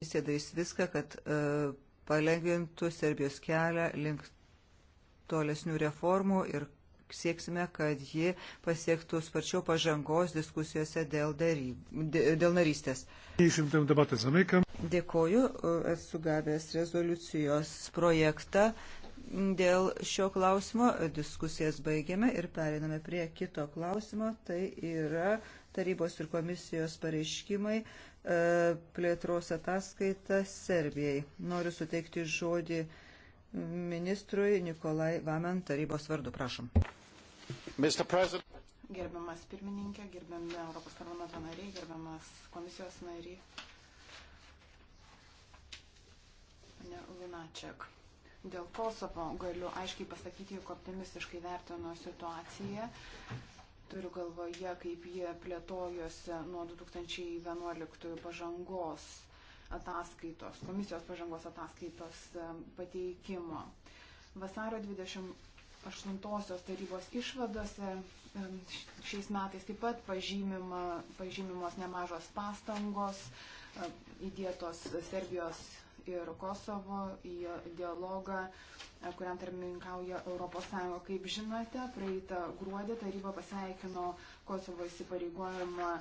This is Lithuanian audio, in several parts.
Komisija darys viską, kad e, palengvintų Serbijos kelią link tolesnių reformų ir sieksime, kad ji pasiektų sparčiau pažangos diskusijose dėl, dary, dėl narystės. Dėkoju, e, esu gavęs rezoliucijos projektą. Dėl šio klausimo diskusijas baigiame ir periname prie kito klausimo. Tai yra tarybos ir komisijos pareiškimai, e, plėtros ataskaita Serbijai. Noriu suteikti žodį ministrui Nikolai Vamen tarybos vardu. Prašom. Gerbiamas pirmininkė, gerbiami Europos parlamento nariai, gerbiamas komisijos nariai. Pane Lunačiak. Dėl Kosovo galiu aiškiai pasakyti, jog optimistiškai vertino situaciją. Turiu galvoje, kaip jie plėtojosi nuo 2011 pažangos ataskaitos, komisijos pažangos ataskaitos pateikimo. Vasario 28 tarybos išvadose šiais metais taip pat pažymima, pažymimos nemažos pastangos įdėtos Serbijos ir Kosovo į dialogą, e, kuriam tarmininkauja ES. Kaip žinote, praeitą gruodį taryba pasveikino Kosovo įsipareigojimą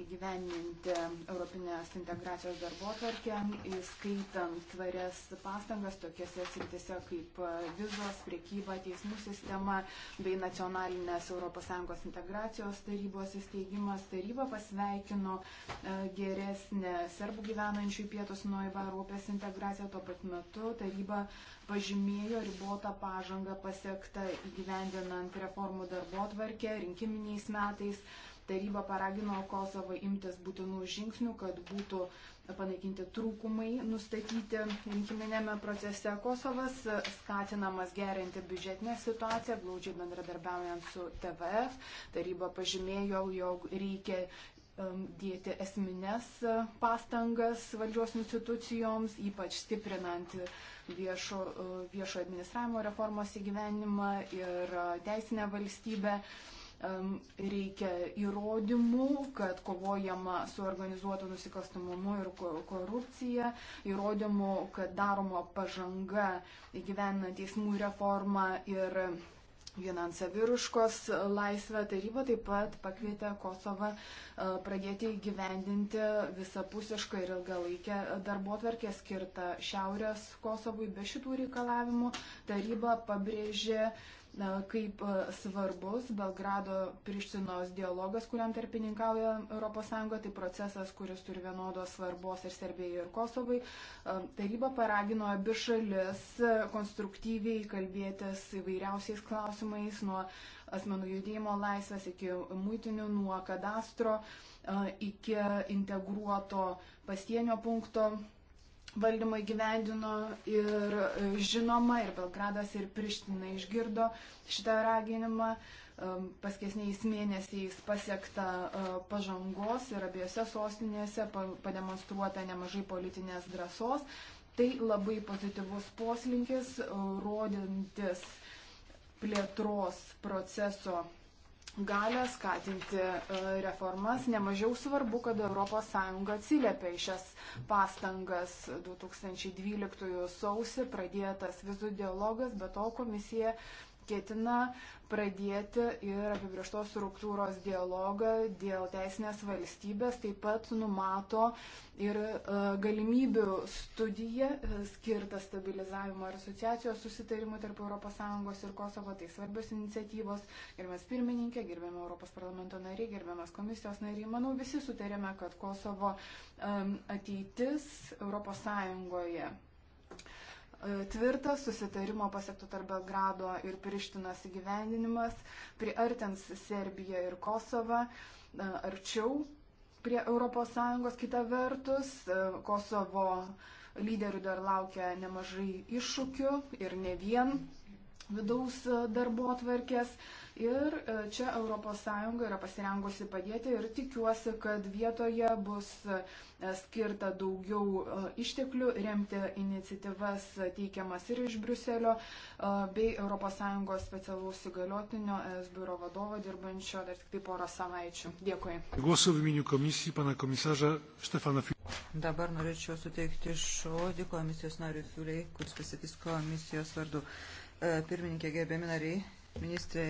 įgyveninti Europinės integracijos darbo tvarkę, įskaitant tvarias pastangas tokiuose sritise kaip vizos, priekyba, teismų sistema bei nacionalinės ES integracijos tarybos įsteigimas. Taryba pasveikino e, geresnę serbų gyvenančių pietus nuo įvarų upės integraciją. Tuo pat metu taryba pažymėjo ribotą pažangą pasiektą įgyvendinant reformų darbo tvarkę rinkiminiais metais Taryba paragino Kosovą imtis būtinų žingsnių, kad būtų panaikinti trūkumai nustatyti rinkiminėme procese. Kosovas skatinamas gerinti biudžetinę situaciją, glaudžiai bendradarbiaujant su TVF. Taryba pažymėjo, jog reikia dėti esminės pastangas valdžios institucijoms, ypač stiprinant viešo, viešo administravimo reformos įgyvenimą ir teisinę valstybę reikia įrodymų, kad kovojama su organizuotu nusikalstamumu ir korupcija, įrodymų, kad daroma pažanga įgyvenant teismų reformą ir finansaviruškos laisvę. Taryba taip pat pakvietė Kosovą e, pradėti įgyvendinti visapusišką ir ilgalaikę darbotvarkę skirtą Šiaurės Kosovui. Be šitų reikalavimų taryba pabrėžė E, kaip e, svarbus Belgrado Prištinos dialogas, kuriam tarpininkauja ES, tai procesas, kuris turi vienodos svarbos ir Serbijai, ir Kosovai. E, taryba paragino abi šalis konstruktyviai kalbėtis įvairiausiais klausimais, nuo asmenų judėjimo laisvės iki muitinių, nuo kadastro iki integruoto pasienio punkto valdymo įgyvendino ir e, žinoma, ir Belgradas, ir Priština išgirdo šitą raginimą. Paskesniais mėnesiais pasiekta e, pažangos ir abiejose sostinėse pademonstruota nemažai politinės drąsos. Tai labai pozityvus poslinkis, e, rodintis plėtros proceso galę skatinti e, reformas. Nemažiau svarbu, kad ES atsiliepia į šias pastangas. 2012 sausį pradėtas vizų dialogas, bet to komisija ketina pradėti ir apibrieštos struktūros dialogą dėl teisinės valstybės, taip pat numato ir e, galimybių studiją e, skirtą stabilizavimo ir asociacijos susitarimų tarp ES ir Kosovo, tai svarbios iniciatyvos. Gerbiamas pirmininkė, gerbiamas Europos parlamento nariai, gerbiamas komisijos nariai, manau visi sutarėme, kad Kosovo ateitis ES E, tvirtas susitarimo pasiektų tarp Belgrado ir Prištinos įgyvendinimas, priartins Serbiją ir Kosovą e, arčiau prie ES kita vertus. E, Kosovo lyderių dar laukia nemažai iššūkių ir ne vien vidaus darbo atvarkės. Ir e, čia ES yra pasirengusi padėti ir tikiuosi, kad vietoje bus e, skirta daugiau e, išteklių remti iniciatyvas teikiamas ir iš Briuselio bei ES specialaus įgaliotinio ES biuro vadovo dirbančio dar tik tai porą savaičių. Dėkui. Dabar norėčiau suteikti žodį komisijos nariui Fiuliai, kuris pasakys komisijos vardu. Pirmininkė, gerbėmi nariai, Ministrė,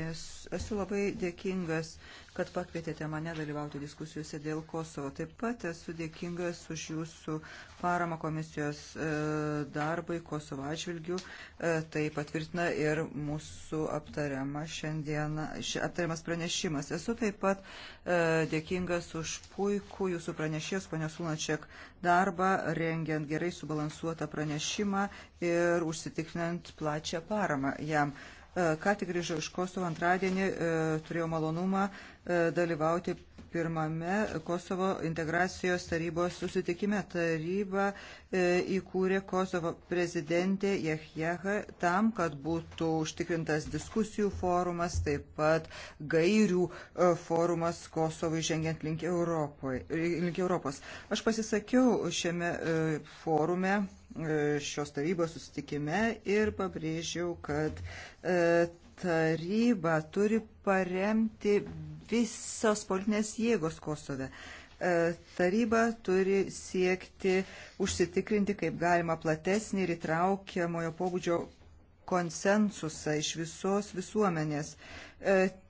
esu labai dėkingas, kad pakvietėte mane dalyvauti diskusijose dėl Kosovo. Taip pat esu dėkingas už jūsų paramą komisijos e, darbai Kosovo atžvilgių. E, tai patvirtina ir mūsų aptariama šiandieną, aptariamas pranešimas. Esu taip pat e, dėkingas už puikų jūsų pranešėjos, ponios Lunačiak, darbą, rengiant gerai subalansuotą pranešimą ir užsitikrinant plačią paramą jam. E, ką tik grįžau iš Kosovo antradienį, e, turėjau malonumą e, dalyvauti pirmame Kosovo integracijos tarybos susitikime. Taryba įkūrė Kosovo prezidentė Jehjeha tam, kad būtų užtikrintas diskusijų forumas, taip pat gairių forumas Kosovui žengiant link, Europoj, link Europos. Aš pasisakiau šiame forume E, šios tarybos susitikime ir pabrėžiau, kad e, taryba turi paremti visos politinės jėgos Kosove. E, taryba turi siekti užsitikrinti kaip galima platesnį ir įtraukiamojo pobūdžio konsensusą iš visos visuomenės.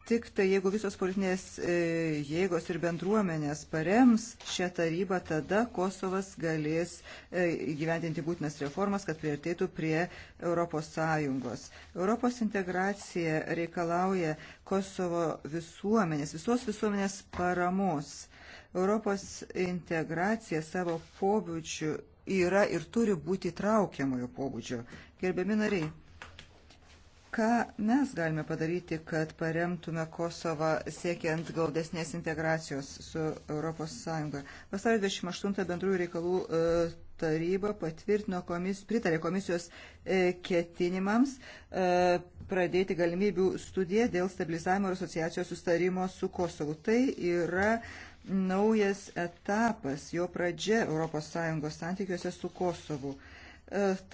Tik tai jeigu visos politinės e, jėgos ir bendruomenės parems šią tarybą, tada Kosovas galės e, gyventinti būtinas reformas, kad priartėtų prie Europos Sąjungos. Europos integracija reikalauja Kosovo visuomenės, visos visuomenės paramos. Europos integracija savo pobūdžių yra ir turi būti traukiamojo pobūdžio. Gerbiami nariai. Ką mes galime padaryti, kad paremtume Kosovą siekiant glaudesnės integracijos su ES? Vasario 28 bendrųjų reikalų e, taryba patvirtino komis, pritarė komisijos e, ketinimams e, pradėti galimybių studiją dėl stabilizavimo ir asociacijos sustarimo su Kosovu. Tai yra naujas etapas, jo pradžia ES santykiuose su Kosovu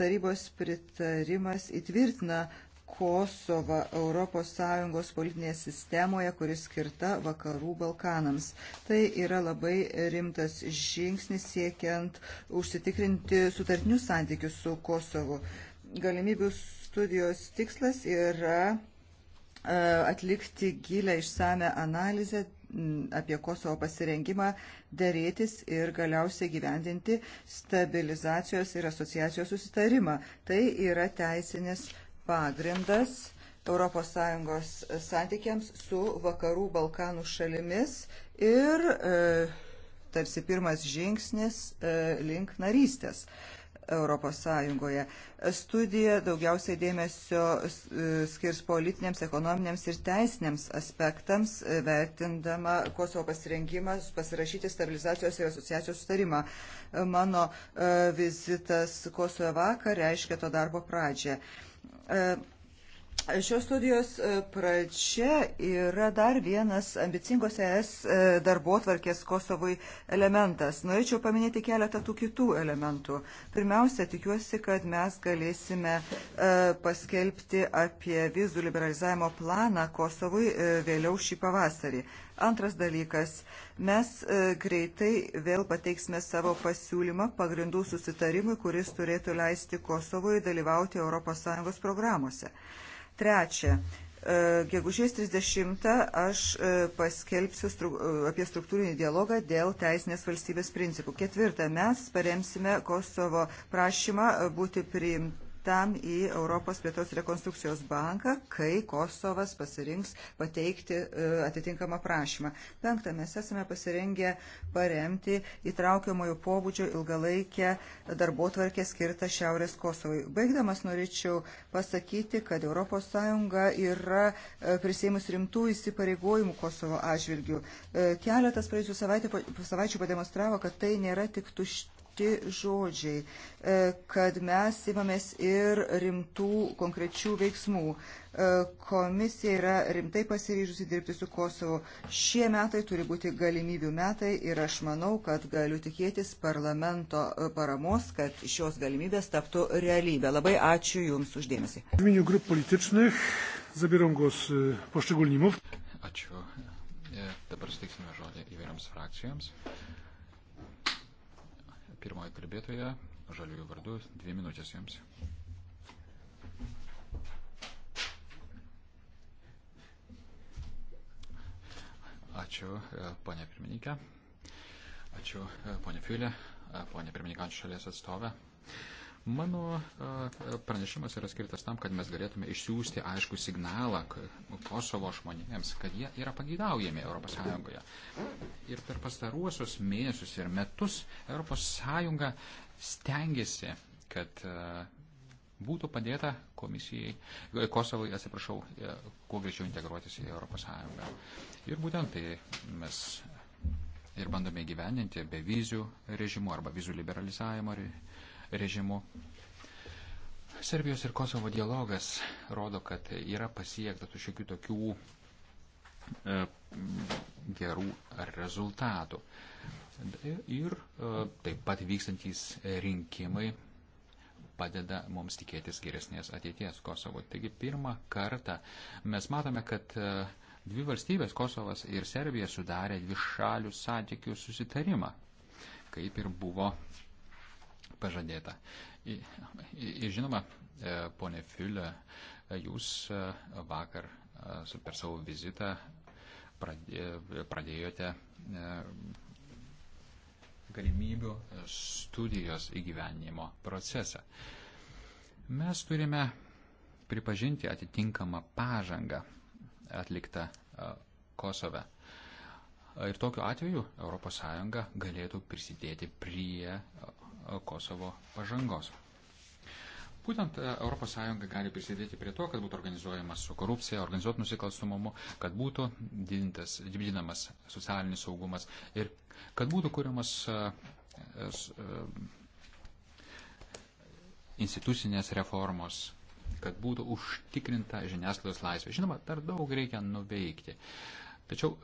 tarybos pritarimas įtvirtina Kosovą ES politinėje sistemoje, kuris skirta vakarų Balkanams. Tai yra labai rimtas žingsnis siekiant užsitikrinti sutartinius santykius su Kosovu. Galimybių studijos tikslas yra e, atlikti gilę išsame analizę apie Kosovo pasirengimą dėrėtis ir galiausiai gyvendinti stabilizacijos ir asociacijos susitarimą. Tai yra teisinės pagrindas ES santykiams su vakarų Balkanų šalimis ir e, tarsi pirmas žingsnis e, link narystės. Europos Sąjungoje. Studija daugiausiai dėmesio e, skirs politiniams, ekonominiams ir teisiniams aspektams, e, vertindama Kosovo pasirengimą pasirašyti stabilizacijos ir asociacijos sutarimą. Mano e, vizitas Kosovo vakar reiškia to darbo pradžią. E, šios studijos e, pradžia yra dar vienas ambicingos ES e, darbo tvarkės Kosovui elementas. Norėčiau paminėti keletą tų kitų elementų. Pirmiausia, tikiuosi, kad mes galėsime paskelbti apie vizų liberalizavimo planą Kosovui vėliau šį pavasarį. Antras dalykas, mes e, greitai vėl pateiksime savo pasiūlymą pagrindų susitarimui, kuris turėtų leisti Kosovui dalyvauti ES programuose. Trečia, e, gegužės 30 aš e, paskelbsiu stru, apie struktūrinį dialogą dėl teisinės valstybės principų. Ketvirta, mes paremsime Kosovo prašymą būti priimti tam į Europos plėtos rekonstrukcijos banką, kai Kosovas pasirinks pateikti e, atitinkamą prašymą. Penktą, mes esame pasirengę paremti įtraukiamojų pobūdžio ilgalaikę darbo tvarkę skirtą Šiaurės Kosovai. Baigdamas norėčiau pasakyti, kad ES yra e, prisėmus rimtų įsipareigojimų Kosovo atžvilgių. E, keletas praėjusių savaičių pademonstravo, kad tai nėra tik tušti šilti žodžiai, e, kad mes įmamės ir rimtų konkrečių veiksmų. E, komisija yra rimtai pasiryžusi dirbti su Kosovo. Šie metai turi būti galimybių metai ir aš manau, kad galiu tikėtis parlamento e, paramos, kad šios galimybės taptų realybę. Labai ačiū Jums uždėmesį. Ačiū. Dabar suteiksime žodį įvairiams frakcijoms. Pirmoji kalbėtoja, žaliųjų vardu, dvi minutės jums. Ačiū, e, ponė pirmininkė. Ačiū, e, ponė Filė, e, ponė pirmininkančių šalies atstovė. Mano pranešimas yra skirtas tam, kad mes galėtume išsiųsti aišku signalą Kosovo žmonėms, kad jie yra pageidaujami ES. Ir per pastaruosius mėnesius ir metus ES stengiasi, kad būtų padėta komisijai, e, Kosovai, atsiprašau, e, kuo greičiau integruotis į ES. Ir būtent tai mes ir bandome įgyveninti be vizų režimų arba vizų liberalizavimo režimų režimu. Serbijos ir Kosovo dialogas rodo, kad yra pasiekta tų šiokių tokių e, gerų rezultatų. Ir e, taip pat vykstantys rinkimai padeda mums tikėtis geresnės ateities Kosovo. Taigi pirmą kartą mes matome, kad e, dvi valstybės Kosovas ir Serbija sudarė dvi šalių santykių susitarimą, kaip ir buvo pažadėta. Ir žinoma, e, ponė Fiulė, e, jūs e, vakar per savo vizitą pradėjote galimybių studijos įgyvenimo procesą. Mes turime pripažinti atitinkamą pažangą atliktą Kosove. Ir tokiu atveju ES galėtų prisidėti prie Kosovo pažangos. Būtent ES gali prisidėti prie to, kad būtų organizuojamas su korupcija, organizuot nusikalstumumu, kad būtų didintas, didinamas socialinis saugumas ir kad būtų kuriamas e, e, institucinės reformos, kad būtų užtikrinta žiniasklaidos laisvė. Žinoma, dar daug reikia nuveikti. Tačiau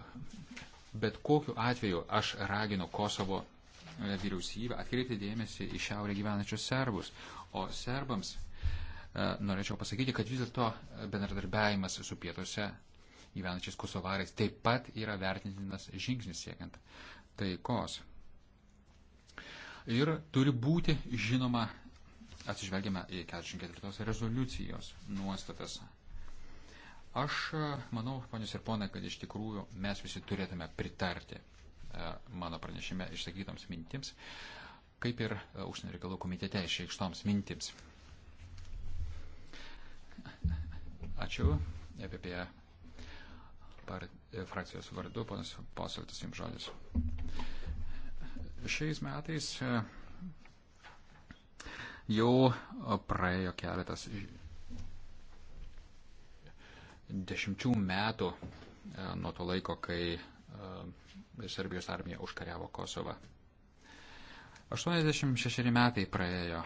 bet kokiu atveju aš raginu Kosovo E, vyriausybę atkreipti dėmesį į šiaurę gyvenančius serbus. O serbams e, norėčiau pasakyti, kad vis dėlto bendradarbiavimas su pietuose gyvenančiais kosovarais taip pat yra vertintinas žingsnis siekiant taikos. Ir turi būti, žinoma, atsižvelgiame į 44 rezoliucijos nuostatas. Aš e, manau, ponius ir ponai, kad iš tikrųjų mes visi turėtume pritarti E, mano pranešime išsakytoms mintims, kaip ir e, užsienio reikalų komitete išreikštoms mintims. Ačiū. EPP e, frakcijos vardu, ponas Posaltis, jums žodis. Šiais metais jau praėjo keletas dešimčių metų nuo to laiko, kai Serbijos armija užkariavo Kosovą. 86 metai praėjo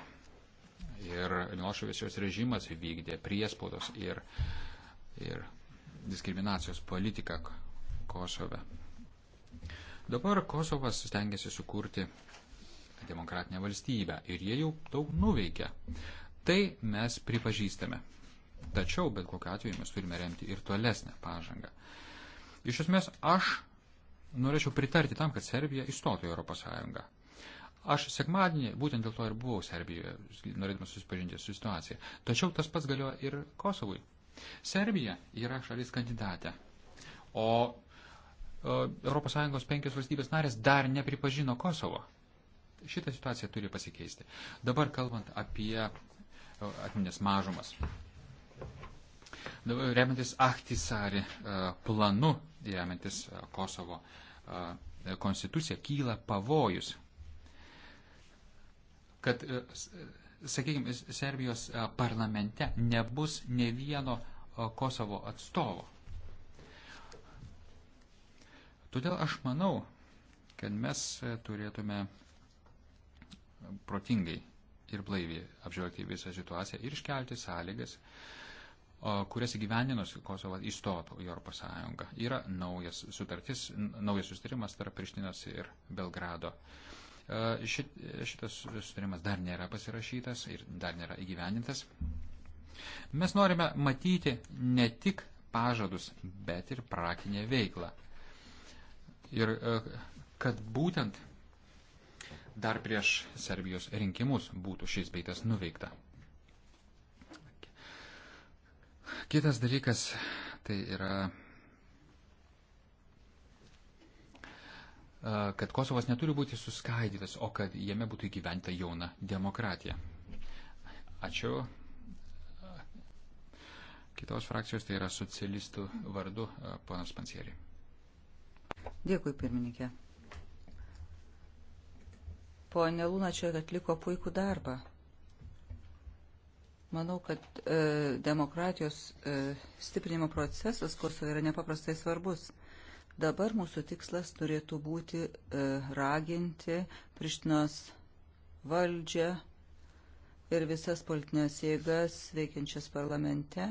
ir Miloševičiaus režimas vykdė priespaudos ir, ir diskriminacijos politiką Kosove. Dabar Kosovas stengiasi sukurti demokratinę valstybę ir jie jau daug nuveikia. Tai mes pripažįstame. Tačiau, bet kokiu atveju, mes turime remti ir tolesnę pažangą. Iš esmės, aš norėčiau pritarti tam, kad Serbija įstotų į Europos Sąjungą. Aš sekmadienį būtent dėl to ir buvau Serbijoje, norėdamas susipažinti su situacija. Tačiau tas pats galioja ir Kosovui. Serbija yra šalis kandidatė, o, o e, ES penkios valstybės narės dar nepripažino Kosovo. Šitą situaciją turi pasikeisti. Dabar kalbant apie e, atminės mažumas. Dabar remiantis Ahtisari e, planu, remiantis Kosovo uh, konstituciją kyla pavojus, kad, e, e, sakykime, Serbijos e, parlamente nebus ne vieno Kosovo atstovo. Todėl aš manau, kad mes turėtume protingai ir blaiviai apžvelgti visą situaciją ir iškelti sąlygas, uh, kurias įgyvendinus Kosovas įstojo į Europos Sąjungą. Yra naujas sutartis, naujas sustarimas tarp Prištinos ir Belgrado. E, šit, šitas sustarimas dar nėra pasirašytas ir dar nėra įgyvendintas. Mes norime matyti ne tik pažadus, bet ir praktinę veiklą. Ir e, kad būtent dar prieš Serbijos rinkimus būtų šis beitas nuveikta. Kitas dalykas tai yra, kad Kosovas neturi būti suskaidytas, o kad jame būtų įgyventa jauna demokratija. Ačiū. Kitos frakcijos tai yra socialistų vardu, ponas Pansieri. Dėkui, pirmininkė. Pone Lunačiak atliko puikų darbą. Manau, kad e, demokratijos e, stiprinimo procesas Kosovo yra nepaprastai svarbus. Dabar mūsų tikslas turėtų būti e, raginti Prištinos valdžią ir visas politinės jėgas veikiančias parlamente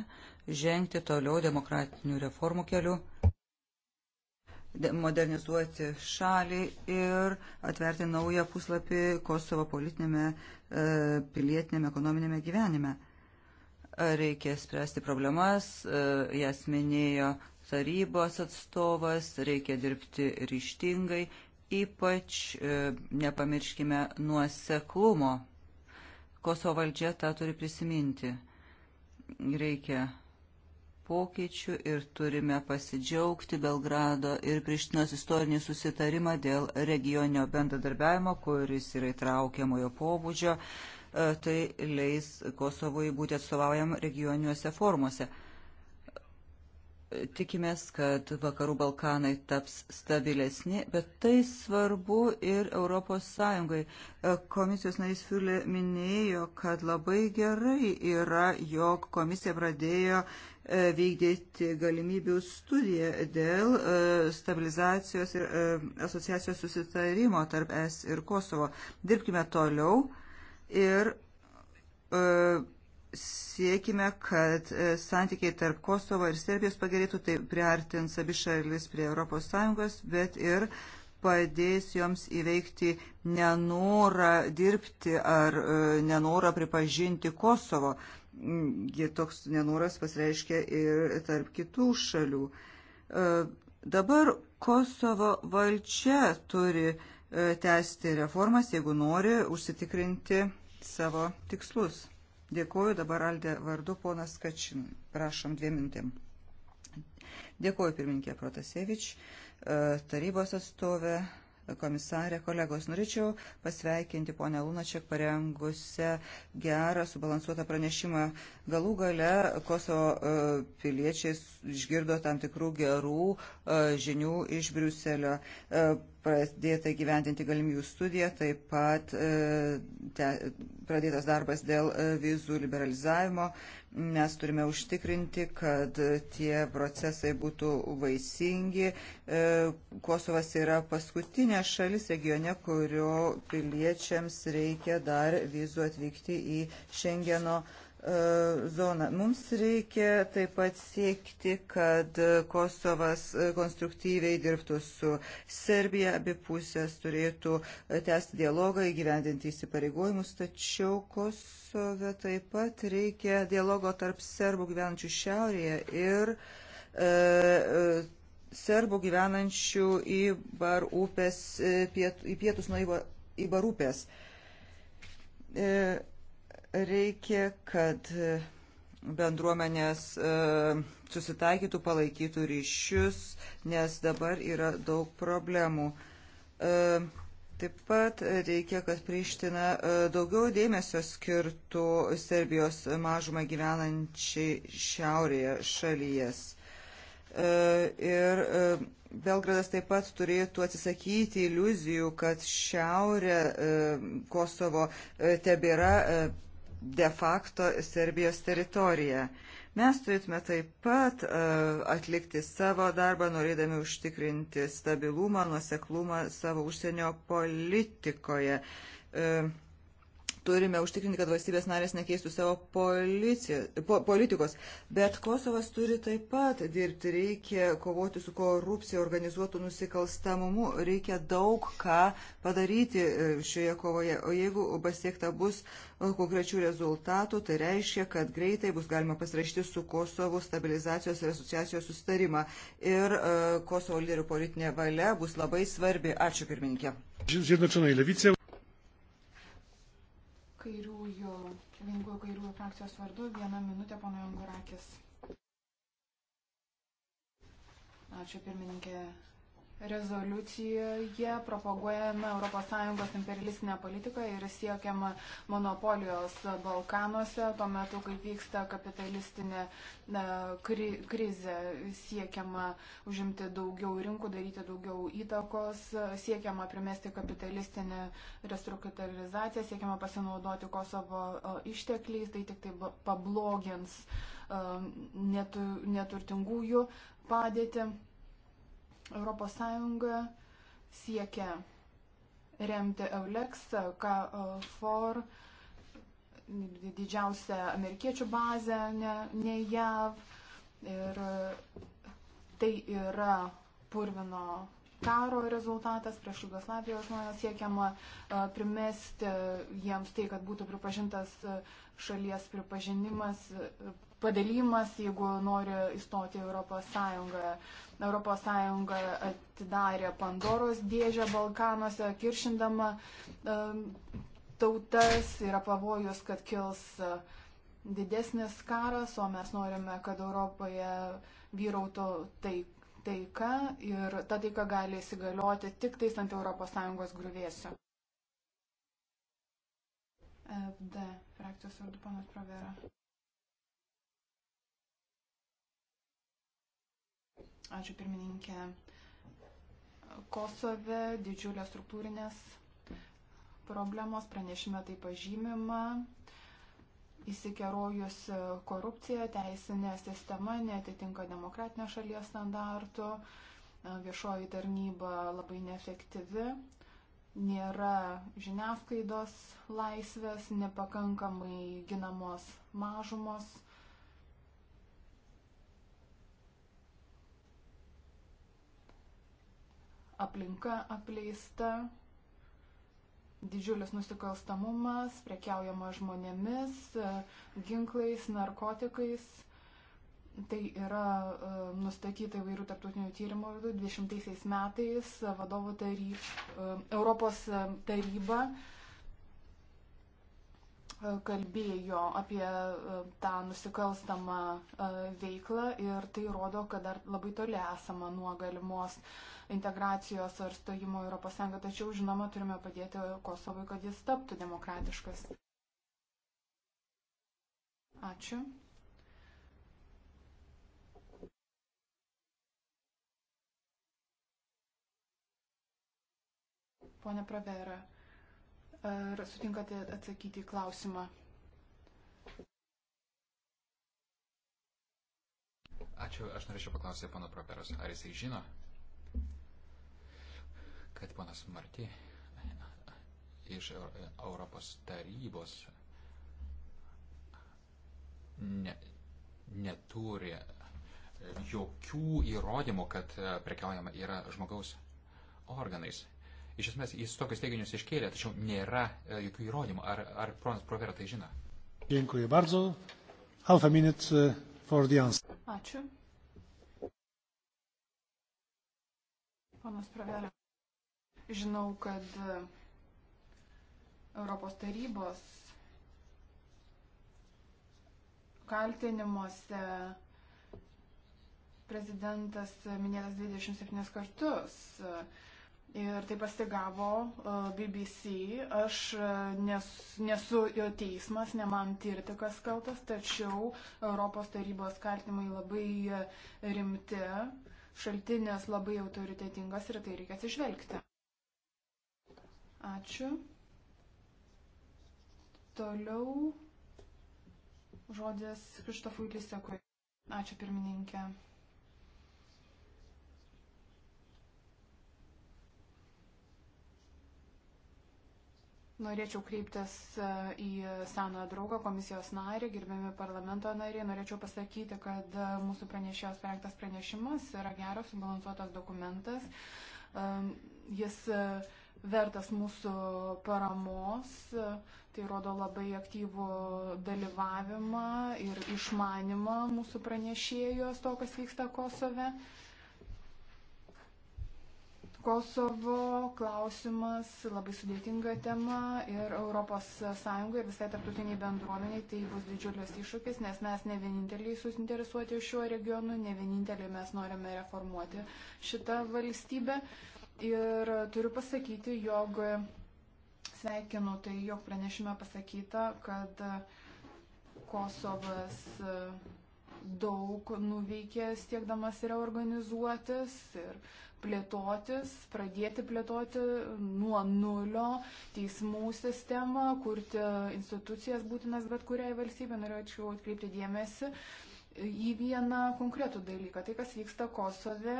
žengti toliau demokratinių reformų keliu, modernizuoti šalį ir atverti naują puslapį Kosovo politinėme, e, pilietinėme, ekonominėme gyvenime reikia spręsti problemas, e, jas minėjo tarybos atstovas, reikia dirbti ryštingai, ypač e, nepamirškime nuoseklumo. Kosovo valdžia tą turi prisiminti. Reikia pokyčių ir turime pasidžiaugti Belgrado ir Prištinos istorinį susitarimą dėl regioninio bendradarbiavimo, kuris yra įtraukiamojo pobūdžio. E, E, tai leis Kosovui būti atstovaujam regioniniuose formuose. Tikimės, kad vakarų Balkanai taps stabilesni, bet tai svarbu ir Europos Sąjungai. E, komisijos narys Fiulė minėjo, kad labai gerai yra, jog komisija pradėjo e, vykdyti galimybių studiją dėl stabilizacijos ir asociacijos susitarimo tarp Es ir Kosovo. Dirbkime toliau ir uh, siekime, kad e, santykiai tarp Kosovo ir Serbijos pagerėtų, tai priartins abi šalis prie ES, bet ir padės joms įveikti nenorą dirbti ar e, nenorą pripažinti Kosovo. Mm, Jie toks nenoras pasireiškia ir tarp kitų šalių. Dabar Kosovo valdžia turi E, tęsti reformas, jeigu nori užsitikrinti savo tikslus. Dėkuoju dabar Aldė vardu ponas Kačin. Prašom dviem mintėm. Dėkuoju pirminkė Protasevič, e, tarybos atstovė, komisarė, kolegos. Norėčiau pasveikinti ponę Lunačiak parengusią gerą, subalansuotą pranešimą. Galų gale Kosovo e, piliečiai išgirdo tam tikrų gerų žinių iš Briuselio pradėta gyventinti galimybių studija, taip pat e, te, pradėtas darbas dėl e, vizų liberalizavimo. Mes turime užtikrinti, kad tie procesai būtų vaisingi. E, Kosovas yra paskutinė šalis regione, kurio piliečiams reikia dar vizų atvykti į Šengeno regioną E, zoną. Mums reikia taip pat siekti, kad Kosovas e, konstruktyviai dirbtų su Serbija, abi pusės turėtų e, tęsti dialogą, įgyvendinti įsipareigojimus, tačiau Kosove taip pat reikia dialogo tarp serbų gyvenančių šiaurėje ir e, serbų gyvenančių į bar upės, piet, į pietus nuo į bar upės. E, Reikia, kad bendruomenės e, susitaikytų, palaikytų ryšius, nes dabar yra daug problemų. E, taip pat reikia, kad Priština e, daugiau dėmesio skirtų Serbijos mažumą gyvenančiai šiaurėje šalies. Ir Belgradas taip pat turėtų atsisakyti iliuzijų, kad šiaurė Kosovo tebėra de facto Serbijos teritoriją. Mes turėtume taip pat e, atlikti savo darbą, norėdami užtikrinti stabilumą, nuoseklumą savo užsienio politikoje. E, turime užtikrinti, kad valstybės narės nekeistų savo policija, po, politikos. Bet Kosovas turi taip pat dirbti, reikia kovoti su korupcija, organizuotų nusikalstamumu, reikia daug ką padaryti e, šioje kovoje. O jeigu pasiekta bus e, konkrečių rezultatų, tai reiškia, kad greitai bus galima pasirašyti su Kosovu stabilizacijos ir asociacijos sustarimą. Ir uh, Kosovo lyderių politinė valia bus labai svarbi. Ačiū pirmininkė. Zjednoczonej Lewicy kairiųjų, vieningųjų kairiųjų frakcijos vardu. Vieną minutę, pono Jangurakis. Ačiū pirmininkė Rezoliucijoje propaguojama ES imperialistinė politika ir siekiama monopolijos Balkanuose, tuo metu, kai vyksta kapitalistinė kri krizė, siekiama užimti daugiau rinkų, daryti daugiau įtakos, siekiama primesti kapitalistinę restruktūrizaciją, siekiama pasinaudoti Kosovo ištekliais, tai tik tai pablogins netu, neturtingųjų padėtį. ES siekia remti Eulex, KFOR, didžiausia amerikiečių bazė, ne, ne JAV. Ir tai yra purvino karo rezultatas prieš Jugoslavijos žmonės siekiama e, primesti jiems tai, kad būtų pripažintas e, šalies pripažinimas, e, padalymas, jeigu nori įstoti į Europos Sąjungą. Europos Sąjunga atidarė Pandoros dėžę Balkanuose, kiršindama um, tautas, yra pavojus, kad kils uh, didesnis karas, o mes norime, kad Europoje vyrautų taip taika ir ta taika gali įsigalioti tik tais ant ES grūvėsio. FD, frakcijos vardu panas Provera. Ačiū pirmininkė. Kosove didžiulės struktūrinės problemos, pranešime tai pažymima, įsikerojus korupcija, teisinė sistema netitinka demokratinio šalies standartų, viešoji tarnyba labai neefektyvi, nėra žiniasklaidos laisvės, nepakankamai ginamos mažumos aplinka apleista, didžiulis nusikalstamumas, prekiaujama žmonėmis, e, ginklais, narkotikais. Tai yra e, nustatyta įvairių tarptautinių tyrimų. 20 metais vadovų taryb, e, Europos taryba kalbėjo apie e, tą nusikalstamą e, veiklą ir tai rodo, kad dar labai toli esama nuo galimos integracijos ar stojimo į ES, tačiau žinoma turime padėti Kosovui, kad jis taptų demokratiškas. Ačiū. Pone Pravera. Ar sutinkate atsakyti į klausimą? Ačiū, aš norėčiau paklausyti pono Properos, ar jisai žino, kad ponas Marti iš Europos tarybos ne, neturi jokių įrodymų, kad prekiaujama yra žmogaus organais. Iš esmės jis tokius teiginius iškėlė, tačiau nėra e, jokių įrodymų. Ar, ar Pronas Provera tai žino? Dziękuję bardzo. Half a minute e, for the answer. Ačiū. Panas Provera. Žinau, kad e, Europos tarybos kaltinimuose prezidentas minėtas 27 kartus. Uh, Ir tai pastigavo e, BBC. Aš e, nes, nesu e, teismas, ne man tirti, kas kaltas, tačiau Europos tarybos kaltimai labai rimti, šaltinės labai autoritetingas ir tai reikia atsižvelgti. Ačiū. Toliau žodis Kristofui Lisekui. Ačiū pirmininkė. Norėčiau kreiptis e, į seną draugą, komisijos narį, gerbiami parlamento nariai. Norėčiau pasakyti, kad e, mūsų pranešėjos parengtas pranešimas yra geras, subalansuotas dokumentas. Jis e, vertas mūsų paramos, tai rodo labai aktyvų dalyvavimą ir išmanimą mūsų pranešėjos to, kas vyksta Kosove. Uh, Kosovo klausimas labai sudėtinga tema ir ES ir visai tarptautiniai bendruomeniai tai bus didžiulis iššūkis, nes mes ne vieninteliai susinteresuoti šiuo regionu, ne vieninteliai mes norime reformuoti šitą valstybę. Ir turiu pasakyti, jog sveikinu tai, jog pranešime pasakyta, kad Kosovas daug nuveikė siekdamas reorganizuotis ir plėtotis, pradėti plėtoti nuo nulio teismų sistemą, kurti institucijas būtinas bet kuriai valstybė. Norėčiau atkreipti dėmesį į vieną konkretų dalyką. Tai, kas vyksta Kosove.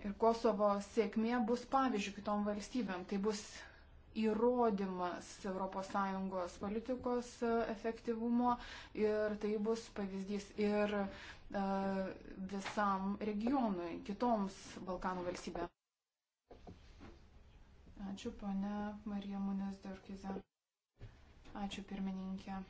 Ir Kosovo sėkmė bus pavyzdžių kitom valstybėm. Tai bus įrodymas ES politikos efektyvumo ir tai bus pavyzdys ir E, visam regionui, kitoms Balkanų valstybėms. Ačiū, ponia Marija Munės Dorkiza. Ačiū, pirmininkė.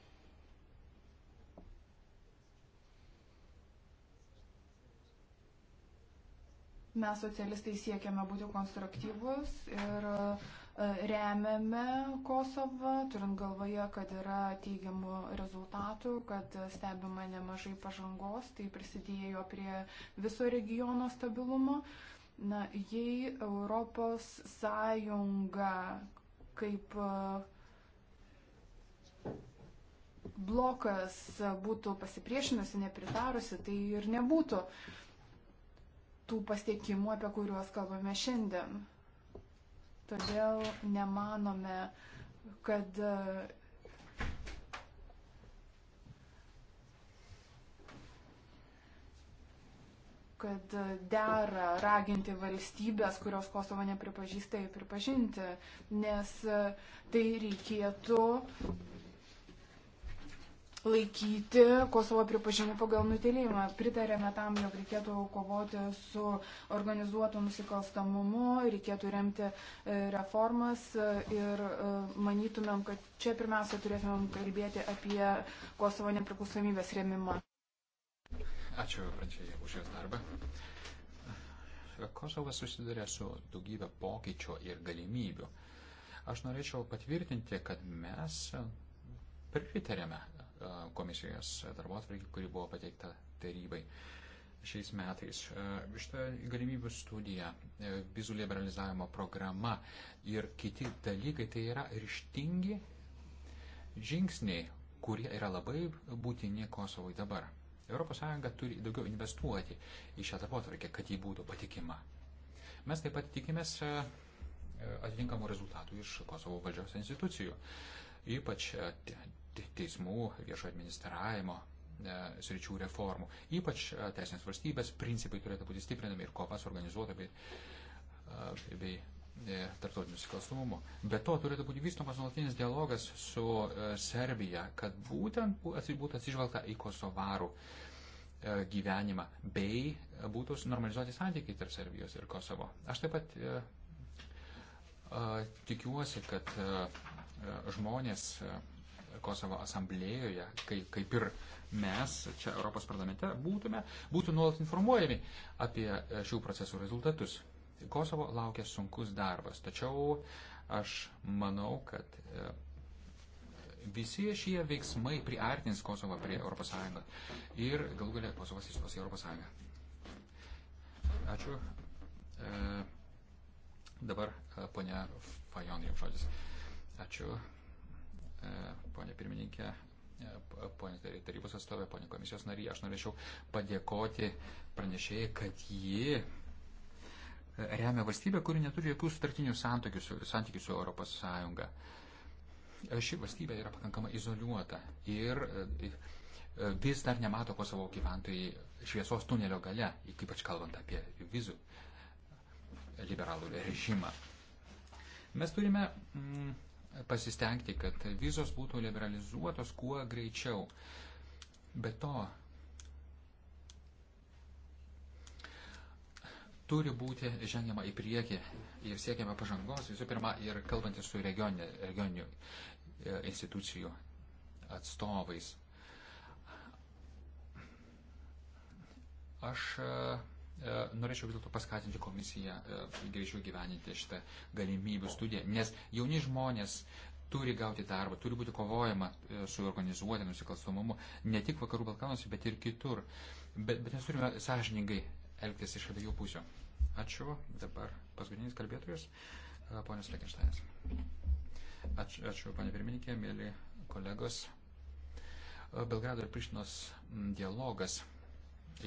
Mes socialistai siekiame būti konstruktyvus ir uh, E, remiame Kosovą, turint galvoje, kad yra teigiamų rezultatų, kad stebima nemažai pažangos, tai prisidėjo prie viso regiono stabilumo. Na, jei Europos Sąjunga kaip e, blokas būtų pasipriešinusi, nepritarusi, tai ir nebūtų tų pasiekimų, apie kuriuos kalbame šiandien. Todėl nemanome, kad e, kad e, dera raginti valstybės, kurios Kosovo nepripažįsta, pripažinti, nes e, tai reikėtų laikyti Kosovo pripažinimu pagal nutilėjimą. Pritarėme tam, jog reikėtų kovoti su organizuotu nusikalstamumu, reikėtų remti e, reformas e, ir e, manytumėm, kad čia pirmiausia turėtumėm kalbėti apie Kosovo nepriklausomybės remimą. Ačiū pradžioje už jos darbą. Kosovas susiduria su daugybė pokyčio ir galimybių. Aš norėčiau patvirtinti, kad mes pritarėme komisijos darbo atvarkį, kuri buvo pateikta tarybai šiais metais. Šitą galimybių studiją, vizų liberalizavimo programa ir kiti dalykai tai yra ryštingi žingsniai, kurie yra labai būtini Kosovui dabar. ES turi daugiau investuoti į šią darbotvarkę, kad ji būtų patikima. Mes taip pat tikimės atitinkamų rezultatų iš Kosovo valdžios institucijų, ypač teismų, viešo administravimo e, sričių reformų. Ypač e, teisinės valstybės principai turėtų būti stiprinami ir kova su organizuota bei, e, bei tarptautiniu nusikalstumumu. Be to turėtų būti vystomas nuolatinis dialogas su Serbija, kad būtent būtų atsižvelgta į kosovarų gyvenimą bei būtų normalizuoti santykiai tarp Serbijos ir Kosovo. Aš taip pat e, e, tikiuosi, kad e, žmonės Kosovo asamblėjoje, kaip, kaip ir mes čia Europos parlamente būtume, būtų nuolat informuojami apie šių procesų rezultatus. Kosovo laukia sunkus darbas, tačiau aš manau, kad e, visi šie veiksmai priartins Kosovą prie ES ir galų galia Kosovas įstos į ES. Ačiū. E, dabar e, ponia Fajon, jums žodis. Ačiū ponė pirmininkė, ponė tarybos atstovė, ponė komisijos nariai. Aš norėčiau padėkoti pranešėjai, kad ji remia valstybę, kuri neturi jokių sutartinių santykių su, santykių su Europos Sąjunga. Ši valstybė yra pakankamai izoliuota ir e, e, vis dar nemato, ko savo gyventojai šviesos tunelio gale, ypač kalbant apie vizų e, liberalų režimą. Mes turime mm, pasistengti, kad vizos būtų liberalizuotos kuo greičiau. Be to, turi būti žengiama į priekį ir siekiama pažangos, visų pirma, ir kalbantis su regioni, regioninių e, institucijų atstovais. Aš e, E, norėčiau vis dėlto paskatinti komisiją e, greičiau gyveninti šitą galimybių studiją, nes jauni žmonės turi gauti darbą, turi būti kovojama e, su organizuoti nusikalstamumu ne tik Vakarų Balkanuose, bet ir kitur. Bet, bet mes turime sąžiningai elgtis iš abiejų pusių. Ačiū. Dabar paskutinis kalbėtojas, ponas Lekinštainas. Ačiū, ačiū panė pirmininkė, mėly kolegos. Belgrado ir Prištinos dialogas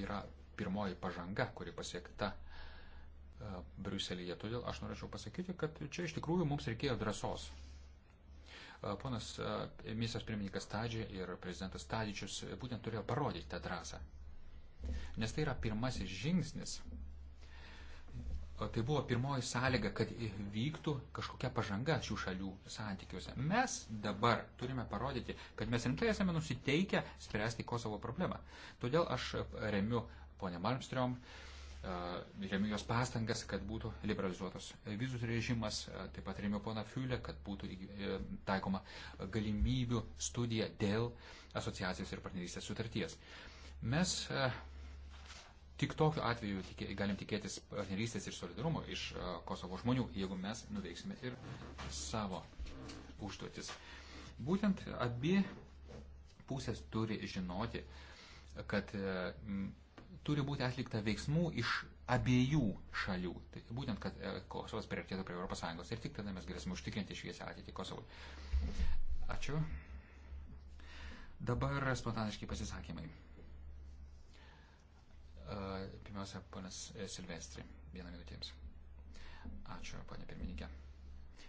yra pirmoji pažanga, kuri pasiekta e, Briuselėje. Todėl aš norėčiau pasakyti, kad čia iš tikrųjų mums reikėjo drąsos. E, ponas e, misijos pirmininkas Tadži ir prezidentas Tadžičius būtent turėjo parodyti tą drąsą. Nes tai yra pirmasis žingsnis. Tai buvo pirmoji sąlyga, kad vyktų kažkokia pažanga šių šalių santykiuose. Mes dabar turime parodyti, kad mes rimtai esame nusiteikę spręsti Kosovo problemą. Todėl aš remiu ponę Malmström, e, remiu jos pastangas, kad būtų liberalizuotas vizų režimas, e, taip pat remiu poną Fiulę, kad būtų e, taikoma galimybių studija dėl asociacijos ir partnerystės sutarties. Mes tik tokiu atveju tikė, galim tikėtis partnerystės ir solidarumo iš Kosovo žmonių, jeigu mes nuveiksime ir savo užduotis. Būtent abi pusės turi žinoti, kad turi būti atlikta veiksmų iš abiejų šalių. Tai būtent, kad e, Kosovas priartėtų prie ES ir tik tada mes galėsime užtikrinti šviesią ateitį Kosovui. Ačiū. Dabar spontaniški pasisakymai. E, pirmiausia, ponas e, Silvestri, vieną minutėms. Ačiū, ponė pirmininkė.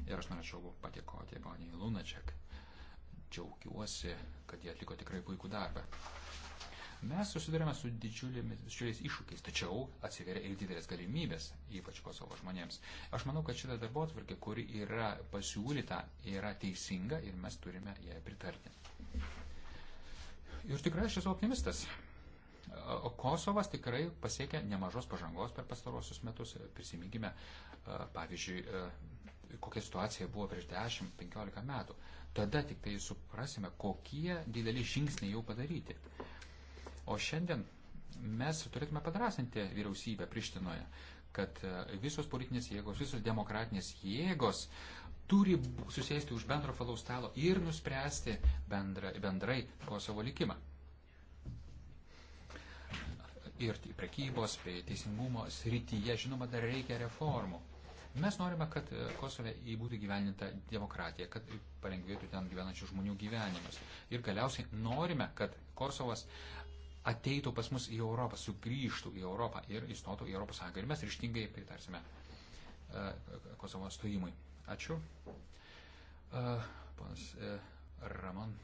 Ir aš norėčiau padėkoti poniai Lunačiak. Džiaugiuosi, kad jie atliko tikrai puikų darbą. Mes susidurime su didžiuliais iššūkiais, tačiau atsiveria ir didelės galimybės, ypač Kosovo žmonėms. Aš manau, kad šita darbo atvarkė, kuri yra pasiūlyta, yra teisinga ir mes turime ją pritarti. Ir tikrai aš esu optimistas. O Kosovas tikrai pasiekė nemažos pažangos per pastarosius metus. Prisiminkime, pavyzdžiui, kokia situacija buvo prieš 10-15 metų. Tada tik tai suprasime, kokie dideli žingsniai jau padaryti. O šiandien mes turėtume padrasinti vyriausybę Prištinoje, kad e, visos politinės jėgos, visos demokratinės jėgos turi susėsti už bendro falaus stalo ir nuspręsti bendra, bendrai Kosovo likimą. Ir prekybos bei teisingumo srityje, žinoma, dar reikia reformų. Mes norime, kad e, Kosove būtų gyveninta demokratija, kad palengvėtų ten gyvenančių žmonių gyvenimas. Ir galiausiai norime, kad Kosovas uh, ateitų pas mus į Europą, sugrįžtų į Europą ir įstotų į Europos Sąjungą. Ir mes ryštingai pritarsime e, Kosovo stojimui. Ačiū. E, ponas e, Ramon.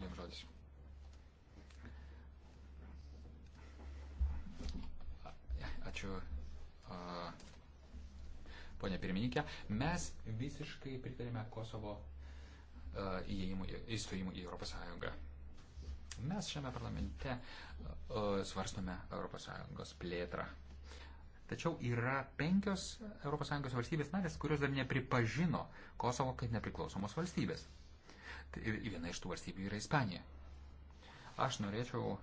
Jums žodis. Ačiū. Pone pirmininkė, mes visiškai pritarėme Kosovo įstojimui į Europos Sąjungą. Mes šiame parlamente e, svarstome ES plėtrą. Tačiau yra penkios ES valstybės narės, kurios dar nepripažino Kosovo kaip nepriklausomos valstybės. Tai viena iš tų valstybių yra Ispanija. Aš norėčiau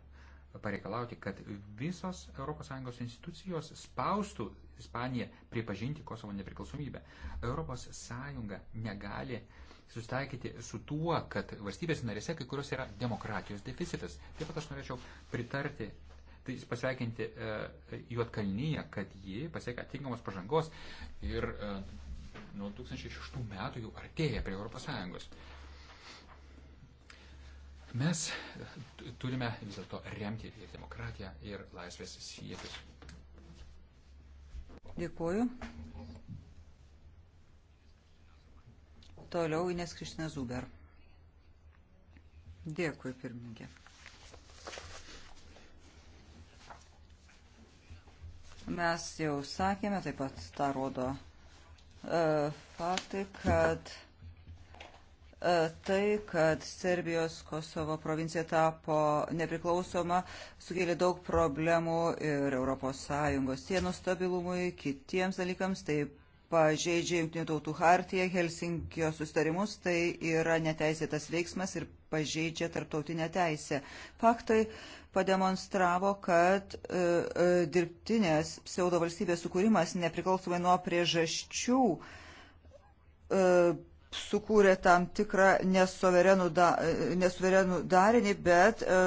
pareikalauti, kad visos ES institucijos spaustų Ispaniją pripažinti Kosovo nepriklausomybę. ES negali uh, susitaikyti su tuo, kad valstybės narėse kai kurios yra demokratijos deficitas. Taip pat aš norėčiau pritarti, tai pasveikinti e, Juotkalnyje, kad ji pasiekė atitinkamos pažangos ir e, nuo 2006 metų jau artėja prie ES. Mes e, turime vis dėlto remti ir demokratiją, ir laisvės siekius. Dėkuoju. Toliau Ines Kriština Zuber. Dėkui, pirmininkė. Mes jau sakėme, taip pat tą rodo e, faktai, kad e, tai, kad Serbijos Kosovo provincija tapo nepriklausoma, sukėlė daug problemų ir ES sienų stabilumui, kitiems dalykams, taip pažeidžia Junktinių tautų hartiją, Helsinkio sustarimus, tai yra neteisėtas veiksmas ir pažeidžia tarptautinę teisę. Faktai pademonstravo, kad e, e, dirbtinės pseudovalstybės sukūrimas nepriklausomai nuo priežasčių e, sukūrė tam tikrą nesuverenų, da, e, nesuverenų darinį, bet e,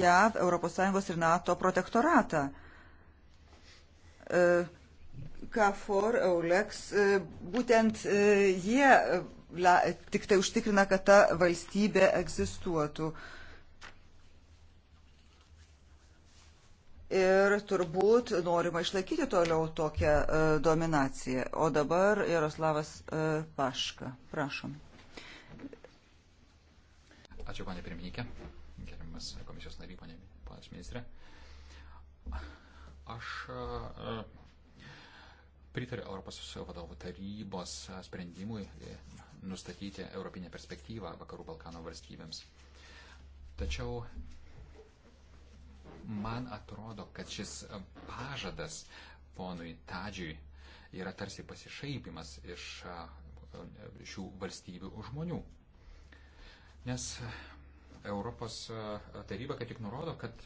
JAV, ES ir NATO protektoratą. E, KFOR, EULEX, e, būtent e, jie e, tik tai užtikrina, kad ta valstybė egzistuotų. Ir turbūt norima išlaikyti toliau tokią e, dominaciją. O dabar Jaroslavas e, Paška. Prašom. Ačiū, ponė pirmininkė. Gerimas komisijos nariai, ponė ministrė. Aš e, pritarė Europos vadovų tarybos sprendimui e, nustatyti europinę perspektyvą Vakarų Balkano valstybėms. Tačiau man atrodo, kad šis pažadas ponui Tadžiui yra tarsi pasišaipimas iš šių valstybių žmonių. Nes Europos taryba kaip tik nurodo, kad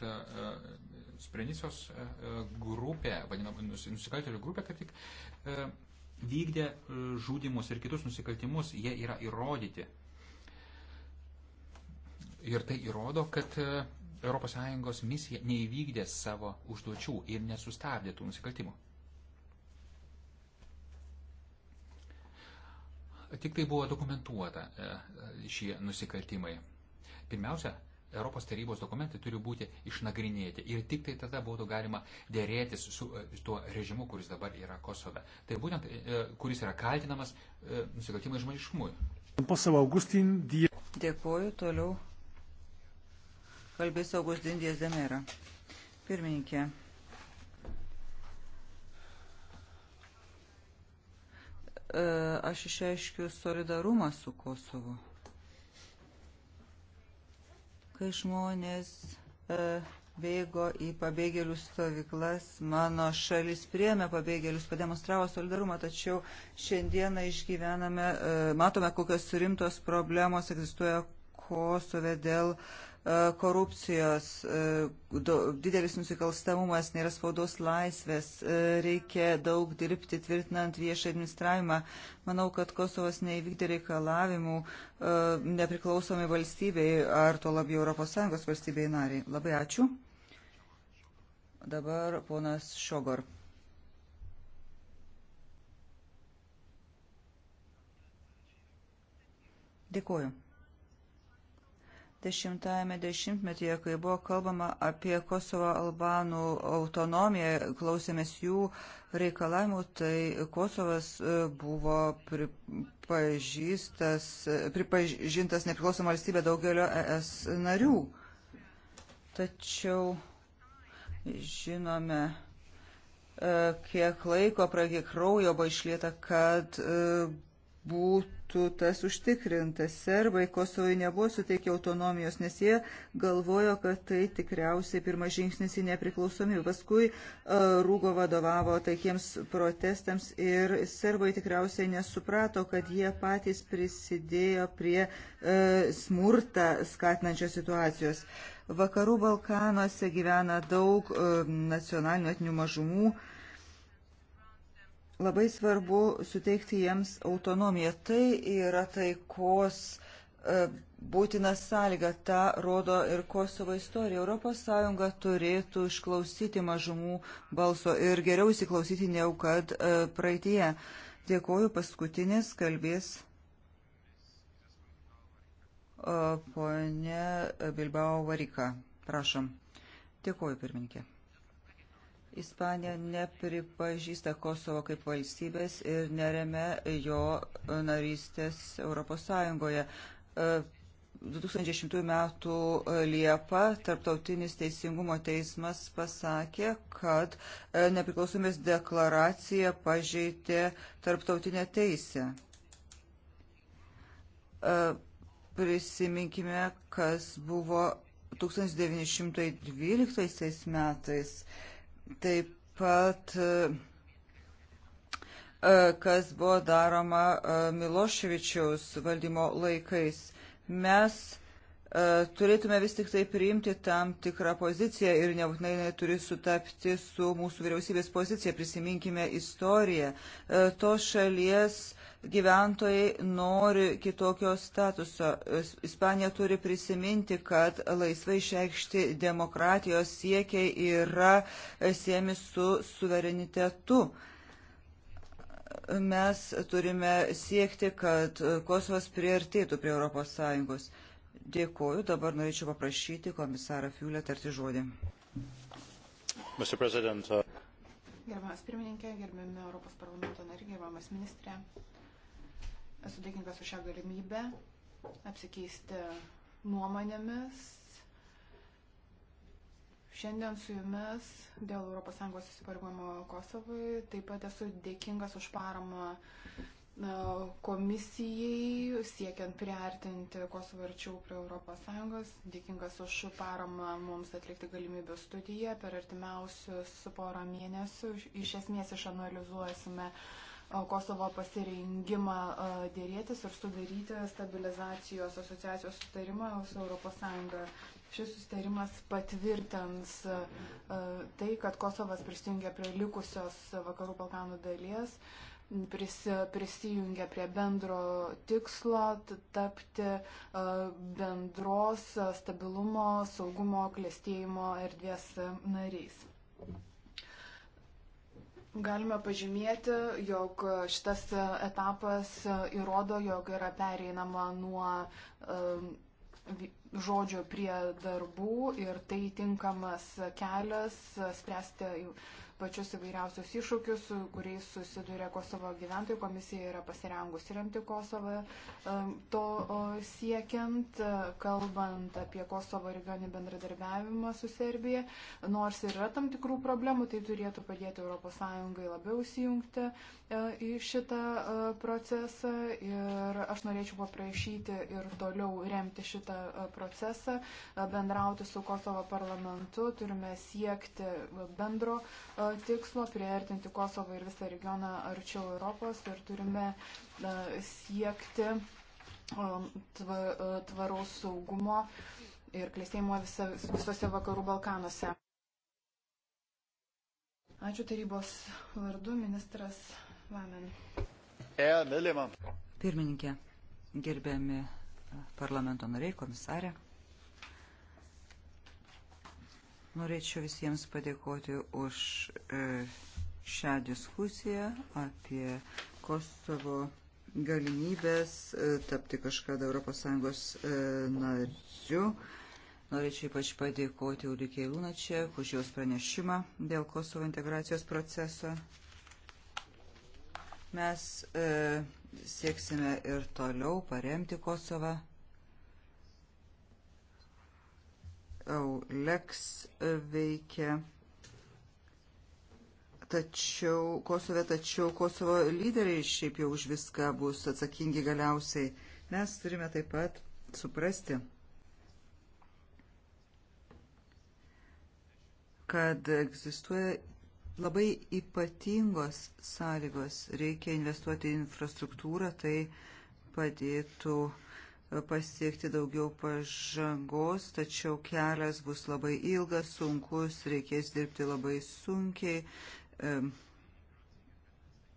Sprenisos e, e, grupė, vadinama nusikaltėlių grupė, kad tik e, vykdė žudimus ir kitus nusikaltimus, jie yra įrodyti. Ir tai įrodo, kad ES misija neįvykdė savo užduočių ir nesustabdė tų nusikaltimų. Tik tai buvo dokumentuota šie nusikaltimai. Pirmiausia, Europos tarybos dokumentai turi būti išnagrinėti ir tik tai tada būtų galima dėrėtis su e, tuo režimu, kuris dabar yra Kosove. Tai būtent, e, e, kuris yra kaltinamas nusikaltimai žmoniškumui. Dėkuoju, toliau kalbės Augustin Diezdemera. Pirmininkė. Aš išreiškiu solidarumą su Kosovu. Kai žmonės e, bėgo į pabėgėlių stovyklas, mano šalis priemė pabėgėlius, pademonstravo solidarumą, tačiau šiandieną išgyvename, e, matome, kokios rimtos problemos egzistuoja Kosove dėl uh, E, korupcijos, e, didelis nusikalstamumas, nėra spaudos laisvės, e, reikia daug dirbti tvirtinant viešą administravimą. Manau, kad Kosovas neįvykdė reikalavimų nepriklausomai valstybei ar to labiau ES valstybei nariai. Labai ačiū. Dabar ponas Šogor. Dėkuoju dešimtajame dešimtmetyje, kai buvo kalbama apie Kosovo albanų autonomiją, klausėmės jų reikalavimų, tai Kosovas e, buvo e, pripažintas nepriklausoma valstybė daugelio ES narių. Tačiau žinome, e, kiek laiko pragi kraujo buvo išlieta, kad būtų tas užtikrintas. Serbai Kosovai nebuvo suteikę autonomijos, nes jie galvojo, kad tai tikriausiai pirmas žingsnis į nepriklausomybę. Paskui e, Rūgo vadovavo taikiems protestams ir serbai tikriausiai nesuprato, kad jie patys prisidėjo prie e, smurtą skatinančios situacijos. Vakarų Balkanuose gyvena daug e, nacionalinių etinių mažumų Labai svarbu suteikti jiems autonomiją. Tai yra taikos e, būtina sąlyga, tą rodo ir Kosovo istorija. ES turėtų išklausyti mažumų balso ir geriau įsiklausyti negu kad e, praeitie. Dėkoju, paskutinis kalbės e, ponė Bilbao Varika. Prašom. Dėkoju, pirmininkė. Ispanija nepripažįsta Kosovo kaip valstybės ir neremia jo narystės Europos Sąjungoje. 2010 e, m. Liepa Tarptautinis teisingumo teismas pasakė, kad e, nepriklausomės deklaracija pažeidė tarptautinę teisę. E, prisiminkime, kas buvo 1912 metais Taip pat, e, e, kas buvo daroma e, Miloševičiaus valdymo laikais. Mes turėtume vis tik tai priimti tam tikrą poziciją ir nebūtinai jinai turi sutapti su mūsų vyriausybės pozicija. Prisiminkime istoriją. Tos šalies gyventojai nori kitokio statuso. Ispanija turi prisiminti, kad laisvai išreikšti demokratijos siekiai yra e, siemi su suverenitetu. Mes turime siekti, kad e, Kosovas priartėtų prie ES. Dėkuoju, dabar norėčiau paprašyti komisarą Fiulę tarti žodį. Mr. President. Uh... Gerbiamas pirmininkė, gerbiami Europos parlamento nariai, gerbiamas ministrė. Uh, Esu dėkingas už šią galimybę apsikeisti nuomonėmis. Šiandien su jumis dėl ES įsipareigojimo Kosovui taip pat esu dėkingas už paramą e, komisijai siekiant priartinti Kosovą arčiau prie ES, dėkingas už paramą mums atlikti galimybę studiją. Per artimiausius porą mėnesių iš esmės išanalizuosime uh, Kosovo pasirengimą e, dėrėtis ir sudaryti stabilizacijos asociacijos sutarimą su ES. Šis sustarimas patvirtins e, tai, kad Kosovas prisijungia prie likusios vakarų Balkanų dalies, prisijungia prie bendro tikslo tapti e, bendros stabilumo, saugumo, klėstėjimo erdvės nariais. Galime pažymėti, jog šitas etapas įrodo, jog yra pereinama nuo žodžio prie darbų ir tai tinkamas kelias spręsti pačius įvairiausius iššūkius, su kuriais susiduria Kosovo gyventojai. Komisija yra pasirengusi remti Kosovą. E, to siekiant, e, kalbant apie Kosovo regionį bendradarbiavimą su Serbija, nors yra tam tikrų problemų, tai turėtų padėti ES labiau įsijungti e, į šitą procesą. Ir aš norėčiau paprašyti ir toliau remti šitą procesą, bendrauti su Kosovo parlamentu. Turime siekti bendro tikslo priartinti Kosovą ir visą regioną arčiau Europos ir turime siekti tvaraus saugumo ir klėstėjimo visose vakarų Balkanuose. Ačiū tarybos vardu, ministras Vamen. E, Pirmininkė, gerbiami parlamento nariai, komisarė. Norėčiau visiems padėkoti už e, šią diskusiją apie Kosovo galimybės e, tapti kažkada ES e, nariu. Norėčiau ypač padėkoti Ulikei Lunačiek už jos pranešimą dėl Kosovo integracijos proceso. Mes e, sieksime ir toliau paremti Kosovą EULEX veikia. Tačiau Kosove, tačiau Kosovo lyderiai šiaip jau už viską bus atsakingi galiausiai. Mes turime taip pat suprasti, kad egzistuoja labai ypatingos sąlygos. Reikia investuoti į infrastruktūrą, tai padėtų uh, pasiekti daugiau pažangos, tačiau kelias bus labai ilgas, sunkus, reikės dirbti labai sunkiai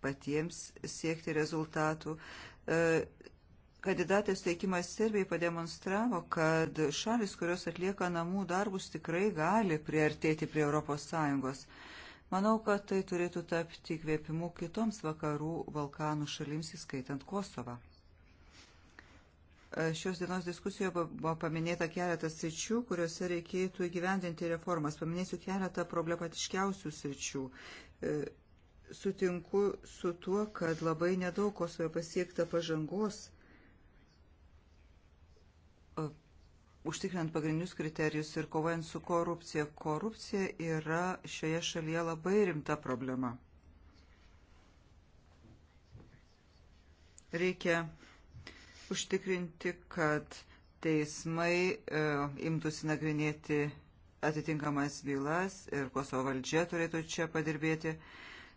patiems siekti rezultatų. E, kandidatės teikimas Serbijai pademonstravo, kad šalis, kurios atlieka namų darbus, tikrai gali priartėti prie ES. Manau, kad tai turėtų tapti kvėpimu kitoms vakarų Balkanų šalims, įskaitant Kosovą. Šios dienos diskusijoje buvo paminėta keletas sričių, kuriuose reikėtų įgyvendinti reformas. Paminėsiu keletą problematiškiausių sričių. E, sutinku su tuo, kad labai nedaug Kosovoje pasiekta pažangos, užtikrinant pagrindinius kriterijus ir kovojant su korupcija. Korupcija yra šioje šalyje labai rimta problema. Reikia užtikrinti, kad teismai e, imtųsi nagrinėti atitinkamas bylas ir Kosovo valdžia turėtų čia padirbėti.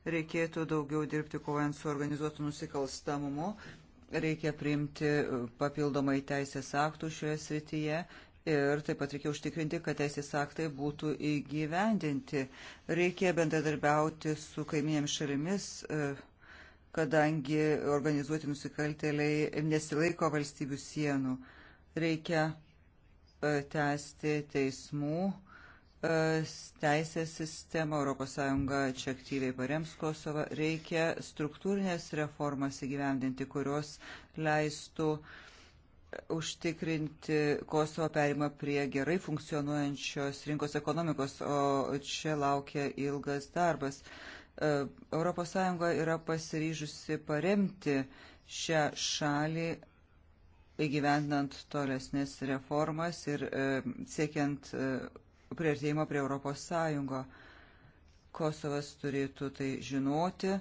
Reikėtų daugiau dirbti kovojant su organizuotu nusikalstamumu. Reikia priimti e, papildomai teisės aktų šioje srityje ir taip pat reikia užtikrinti, kad teisės aktai būtų įgyvendinti. Reikia bendradarbiauti su kaiminėmis šalimis, e, kadangi organizuoti nusikaltėliai nesilaiko valstybių sienų. Reikia e, tęsti teismų e, teisės sistemą, ES čia aktyviai parems Kosovą, reikia struktūrinės reformas įgyvendinti, kurios leistų e, užtikrinti Kosovo perimą prie gerai funkcionuojančios rinkos ekonomikos, o čia laukia ilgas darbas. Uh, ES yra pasiryžusi paremti šią šalį įgyvendinant tolesnės reformas ir e, siekiant e, prieartėjimo prie ES. Kosovas turėtų tai žinoti.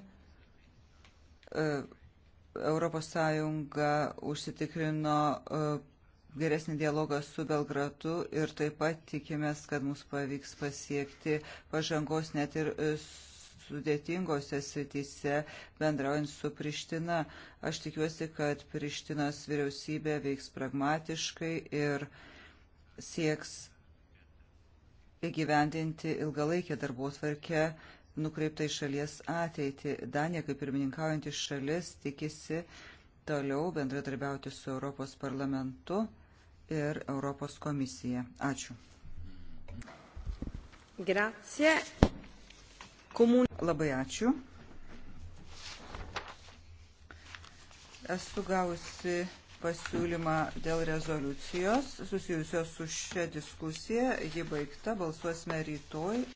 ES užsitikrino e, geresnį dialogą su Belgratu ir taip pat tikimės, kad mums pavyks pasiekti pažangos net ir sudėtingose srityse bendraujant su Priština. Aš tikiuosi, kad Prištinos vyriausybė veiks pragmatiškai ir sieks įgyvendinti ilgalaikę darbo tvarkę nukreiptą į šalies ateitį. Danija, kaip pirmininkaujantis šalis, tikisi toliau bendradarbiauti su Europos parlamentu ir Europos komisija. Ačiū. Grazie. Komun... Labai ačiū. Esu gavusi pasiūlymą dėl rezoliucijos susijusios su šia diskusija. Ji baigta, balsuosime rytoj.